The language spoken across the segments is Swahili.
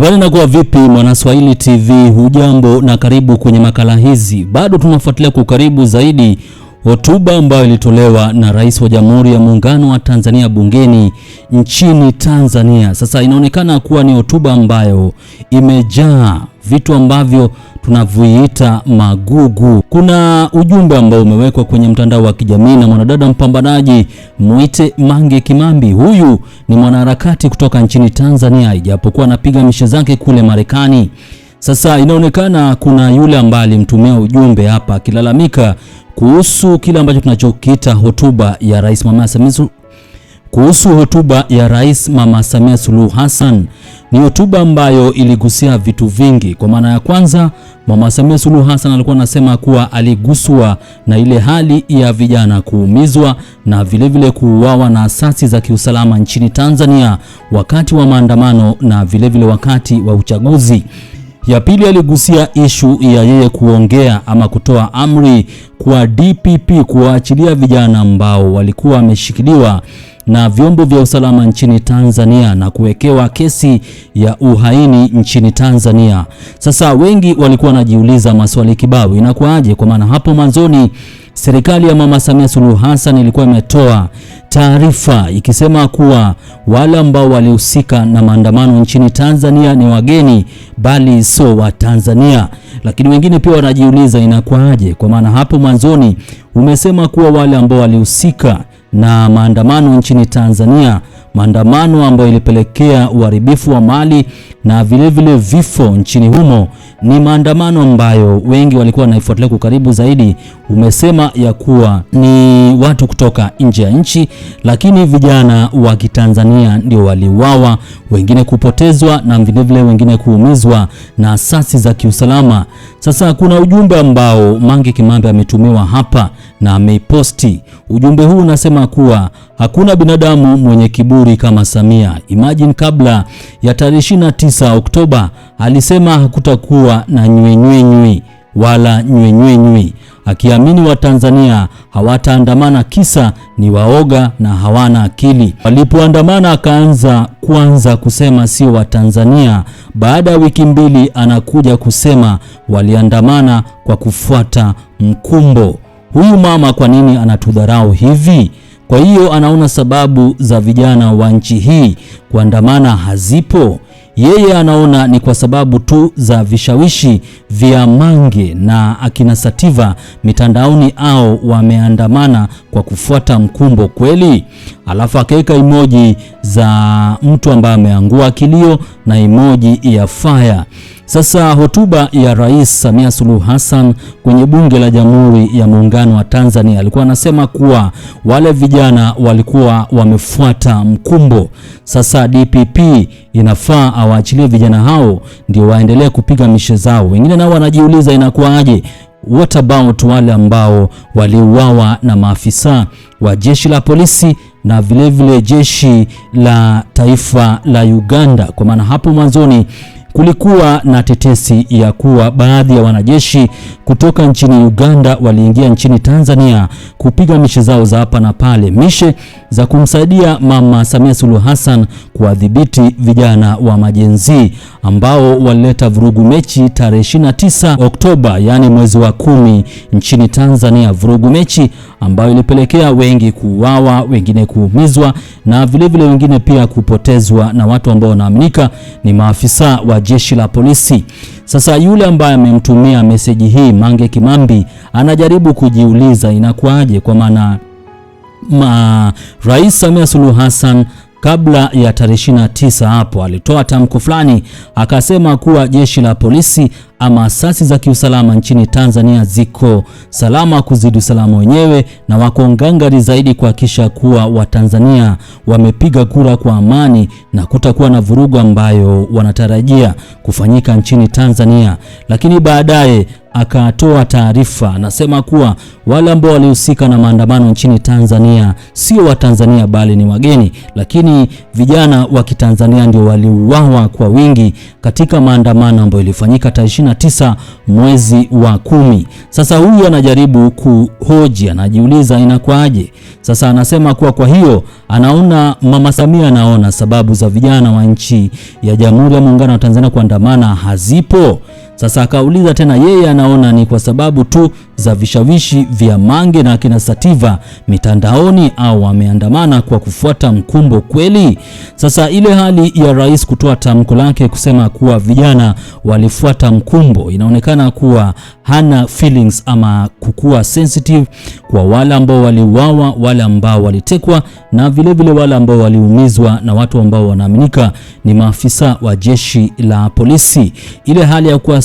na nakuwa vipi, Mwanaswahili TV? Hujambo na karibu kwenye makala hizi. Bado tunafuatilia kwa karibu zaidi Hotuba ambayo ilitolewa na Rais wa Jamhuri ya Muungano wa Tanzania bungeni nchini Tanzania. Sasa inaonekana kuwa ni hotuba ambayo imejaa vitu ambavyo tunavyoita magugu. Kuna ujumbe ambao umewekwa kwenye mtandao wa kijamii na mwanadada mpambanaji mwite Mange Kimambi. Huyu ni mwanaharakati kutoka nchini Tanzania, ijapokuwa anapiga mishe zake kule Marekani. Sasa inaonekana kuna yule ambaye alimtumia ujumbe hapa akilalamika kuhusu kile ambacho tunachokiita hotuba ya Rais Mama Samia kuhusu hotuba ya Rais Mama Samia Suluhu Hassan. Ni hotuba ambayo iligusia vitu vingi. Kwa maana ya kwanza, Mama Samia Suluhu Hassan alikuwa anasema kuwa aliguswa na ile hali ya vijana kuumizwa na vilevile kuuawa na asasi za kiusalama nchini Tanzania wakati wa maandamano na vilevile vile wakati wa uchaguzi. Ya pili aligusia ishu ya yeye kuongea ama kutoa amri kwa DPP kuwaachilia vijana ambao walikuwa wameshikiliwa na vyombo vya usalama nchini Tanzania na kuwekewa kesi ya uhaini nchini Tanzania. Sasa wengi walikuwa wanajiuliza maswali kibao, inakuwaje? Kwa maana hapo mwanzoni serikali ya Mama Samia Suluhu Hassan ilikuwa imetoa taarifa ikisema kuwa wale ambao walihusika na maandamano nchini Tanzania ni wageni bali sio wa Tanzania. Lakini wengine pia wanajiuliza inakuwaje, kwa maana hapo mwanzoni umesema kuwa wale ambao walihusika na maandamano nchini Tanzania maandamano ambayo ilipelekea uharibifu wa mali na vilevile vile vifo nchini humo. Ni maandamano ambayo wengi walikuwa wanaifuatilia kwa karibu zaidi. Umesema ya kuwa ni watu kutoka nje ya nchi, lakini vijana wa Kitanzania ndio waliuawa, wengine kupotezwa na vilevile wengine kuumizwa na asasi za kiusalama. Sasa kuna ujumbe ambao Mange Kimambe ametumiwa hapa na ameiposti. Ujumbe huu unasema kuwa hakuna binadamu mwenye kiburi mashuhuri kama Samia. Imagine kabla ya tarehe 29 Oktoba alisema hakutakuwa na nywenywenywe wala nywenywenywe, akiamini Watanzania hawataandamana kisa ni waoga na hawana akili. Walipoandamana akaanza kwanza kusema sio Watanzania. Baada ya wiki mbili anakuja kusema waliandamana kwa kufuata mkumbo. Huyu mama kwa nini anatudharau hivi? Kwa hiyo anaona sababu za vijana wa nchi hii kuandamana hazipo. Yeye anaona ni kwa sababu tu za vishawishi vya Mange na akina Sativa mitandaoni, au wameandamana kwa kufuata mkumbo kweli? Alafu akaweka emoji za mtu ambaye ameangua kilio na emoji ya fire. Sasa hotuba ya Rais Samia Suluhu Hassan kwenye Bunge la Jamhuri ya Muungano wa Tanzania, alikuwa anasema kuwa wale vijana walikuwa wamefuata mkumbo. Sasa DPP inafaa awaachilie vijana hao ndio waendelee kupiga mishe zao. Wengine nao wanajiuliza inakuwaje? What about wale ambao waliuawa na maafisa wa jeshi la polisi na vilevile vile jeshi la taifa la Uganda? Kwa maana hapo mwanzoni Kulikuwa na tetesi ya kuwa baadhi ya wanajeshi kutoka nchini Uganda waliingia nchini Tanzania kupiga mishe zao za hapa na pale, mishe za kumsaidia Mama Samia Suluhu Hassan kuwadhibiti vijana wa majenzi ambao walileta vurugu mechi tarehe 29 Oktoba, yaani mwezi wa kumi nchini Tanzania, vurugu mechi ambayo ilipelekea wengi kuuawa, wengine kuumizwa na vilevile vile wengine pia kupotezwa na watu ambao wanaaminika ni maafisa wa jeshi la polisi. Sasa yule ambaye amemtumia meseji hii Mange Kimambi anajaribu kujiuliza inakuwaje, kwa maana ma, Rais Samia Suluhu Hassan kabla ya tarehe 29 hapo alitoa tamko fulani akasema kuwa jeshi la polisi ama asasi za kiusalama nchini Tanzania ziko salama kuzidi usalama wenyewe na wako ngangari zaidi kuhakikisha kuwa Watanzania wamepiga kura kwa amani na kutakuwa na vurugu ambayo wanatarajia kufanyika nchini Tanzania. Lakini baadaye akatoa taarifa anasema kuwa wale ambao walihusika na maandamano nchini Tanzania sio Watanzania bali ni wageni, lakini vijana wa Kitanzania ndio waliuawa kwa wingi katika maandamano ambayo ilifanyika tarehe 29 mwezi wa kumi. Sasa huyu anajaribu kuhoji, anajiuliza inakwaje? Sasa anasema kuwa kwa hiyo anaona Mama Samia anaona sababu za vijana wa nchi ya Jamhuri ya Muungano wa Tanzania kuandamana hazipo. Sasa akauliza tena, yeye anaona ni kwa sababu tu za vishawishi vya Mange na akina Sativa mitandaoni, au wameandamana kwa kufuata mkumbo kweli? Sasa ile hali ya rais kutoa tamko lake kusema kuwa vijana walifuata mkumbo inaonekana kuwa hana feelings ama kukuwa sensitive kwa wale ambao waliuawa, wale ambao walitekwa, na vilevile wale ambao waliumizwa na watu ambao wanaaminika ni maafisa wa jeshi la polisi. Ile hali ya kuwa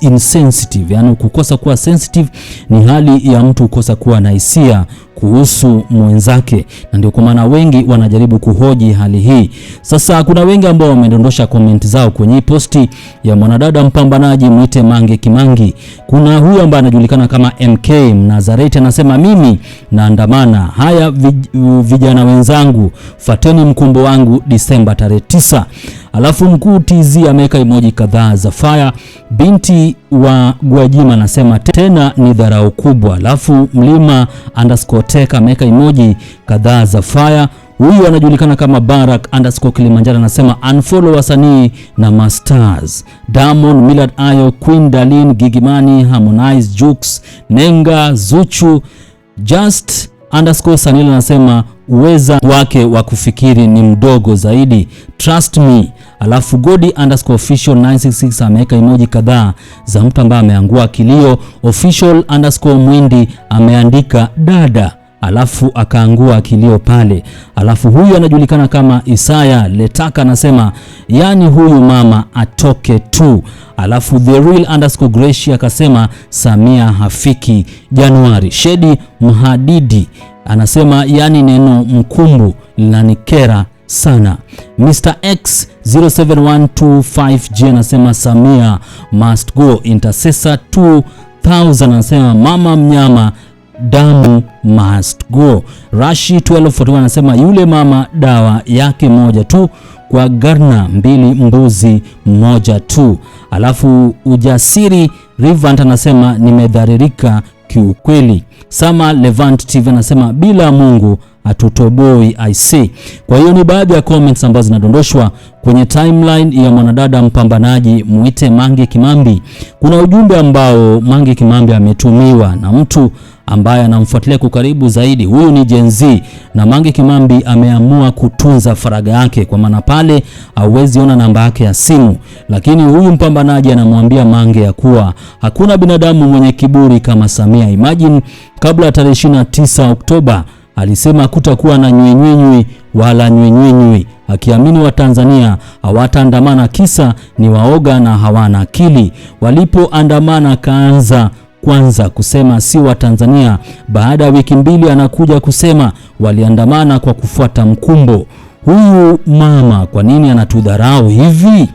insensitive, yani kukosa kuwa sensitive ni hali ya mtu kukosa kuwa na hisia kuhusu mwenzake, na ndio kwa maana wengi wanajaribu kuhoji hali hii. Sasa kuna wengi ambao wamedondosha comment zao kwenye posti ya mwanadada mpambanaji mwite Mange Kimangi. Kuna huyu ambaye anajulikana kama MK Mnazareti anasema, mimi naandamana, haya vijana wenzangu, fateni mkumbo wangu Disemba tarehe tisa. Alafu mkuu TZ ameweka emoji kadhaa za fire. Binti wa Gwajima anasema tena ni dharau kubwa. Alafu mlima underscore teka ameweka emoji kadhaa za fire. Huyu anajulikana kama Barack underscore Kilimanjaro anasema unfollow wasanii na masters Diamond, Millard Ayo, Queen Darlene, Gigimani, Harmonize, Jux, Nenga, Zuchu, Just underscore Sanila anasema uweza wake wa kufikiri ni mdogo zaidi. Trust me Alafu Godi underscore official 966 ameweka emoji kadhaa za mtu ambaye ameangua kilio. Official underscore Mwindi ameandika dada alafu akaangua akilio pale. Alafu huyu anajulikana kama Isaya Letaka anasema yani huyu mama atoke tu. Alafu the real underscore Gracia akasema Samia hafiki Januari. Shedi Mhadidi anasema yani neno mkumbu linanikera sana. Mr X 07125G anasema Samia must go. Intercessor 2000 anasema mama mnyama damu must go. Rashi 1241 anasema yule mama dawa yake moja tu kwa garna mbili mbuzi moja tu. Alafu ujasiri Rivant anasema nimedharirika kiukweli. Sama Levant TV anasema bila Mungu hatutoboi IC. Kwa hiyo ni baadhi ya comments ambazo zinadondoshwa kwenye timeline ya mwanadada mpambanaji mwite Mange Kimambi. Kuna ujumbe ambao Mange Kimambi ametumiwa na mtu ambaye anamfuatilia kwa karibu zaidi, huyu ni Gen Z, na Mange Kimambi ameamua kutunza faragha yake, kwa maana pale hauwezi ona namba yake ya simu, lakini huyu mpambanaji anamwambia Mange ya kuwa hakuna binadamu mwenye kiburi kama Samia. Imagine kabla ya tarehe 29 Oktoba alisema kutakuwa na nywinywinywi wala nywinywinywi, akiamini Watanzania hawataandamana kisa ni waoga na hawana akili. Walipoandamana kaanza kwanza kusema si Watanzania. Baada ya wiki mbili anakuja kusema waliandamana kwa kufuata mkumbo. Huyu mama kwa nini anatudharau hivi?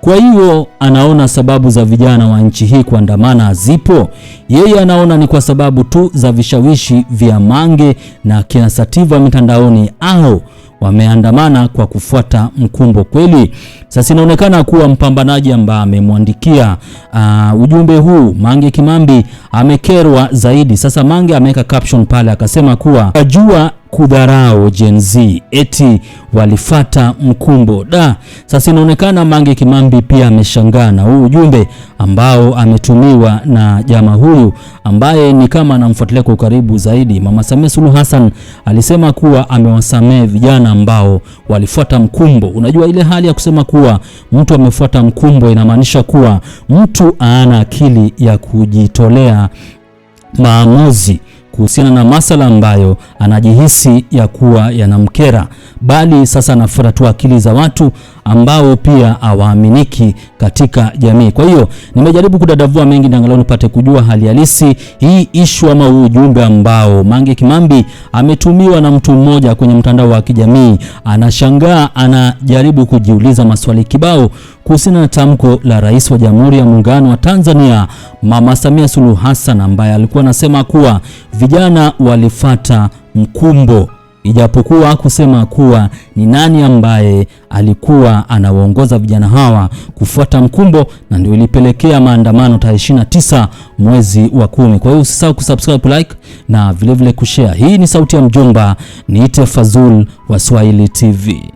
Kwa hiyo anaona sababu za vijana wa nchi hii kuandamana zipo. Yeye anaona ni kwa sababu tu za vishawishi vya Mange na kina Sativa mitandaoni, au wameandamana kwa kufuata mkumbo. Kweli sasa inaonekana kuwa mpambanaji ambaye amemwandikia uh, ujumbe huu Mange Kimambi amekerwa zaidi. Sasa Mange ameweka caption pale akasema kuwa ajua kudharau Gen Z eti walifata mkumbo da. Sasa inaonekana Mange Kimambi pia ameshangaa na huu ujumbe ambao ametumiwa na jamaa huyu ambaye ni kama anamfuatilia kwa karibu zaidi. Mama Samia Suluhu Hassan alisema kuwa amewasamehe vijana ambao walifuata mkumbo. Unajua ile hali ya kusema kuwa mtu amefuata mkumbo inamaanisha kuwa mtu ana akili ya kujitolea maamuzi kuhusiana na masala ambayo anajihisi ya kuwa yanamkera, bali sasa anafuata tu akili za watu ambao pia hawaaminiki katika jamii. Kwa hiyo nimejaribu kudadavua mengi na angalau nipate kujua hali halisi hii ishu ama huu ujumbe ambao Mange Kimambi ametumiwa na mtu mmoja kwenye mtandao wa kijamii. Anashangaa, anajaribu kujiuliza maswali kibao kuhusiana na tamko la Rais wa Jamhuri ya Muungano wa Tanzania Mama Samia Suluhu Hassan ambaye alikuwa anasema kuwa vijana walifata mkumbo, ijapokuwa kusema kuwa ni nani ambaye alikuwa anawaongoza vijana hawa kufuata mkumbo, na ndio ilipelekea maandamano tarehe 29 mwezi wa kumi. Kwa hiyo usisahau kusubscribe, like na vilevile kushare. Hii ni sauti ya mjomba, niite Fazul wa Swahili TV.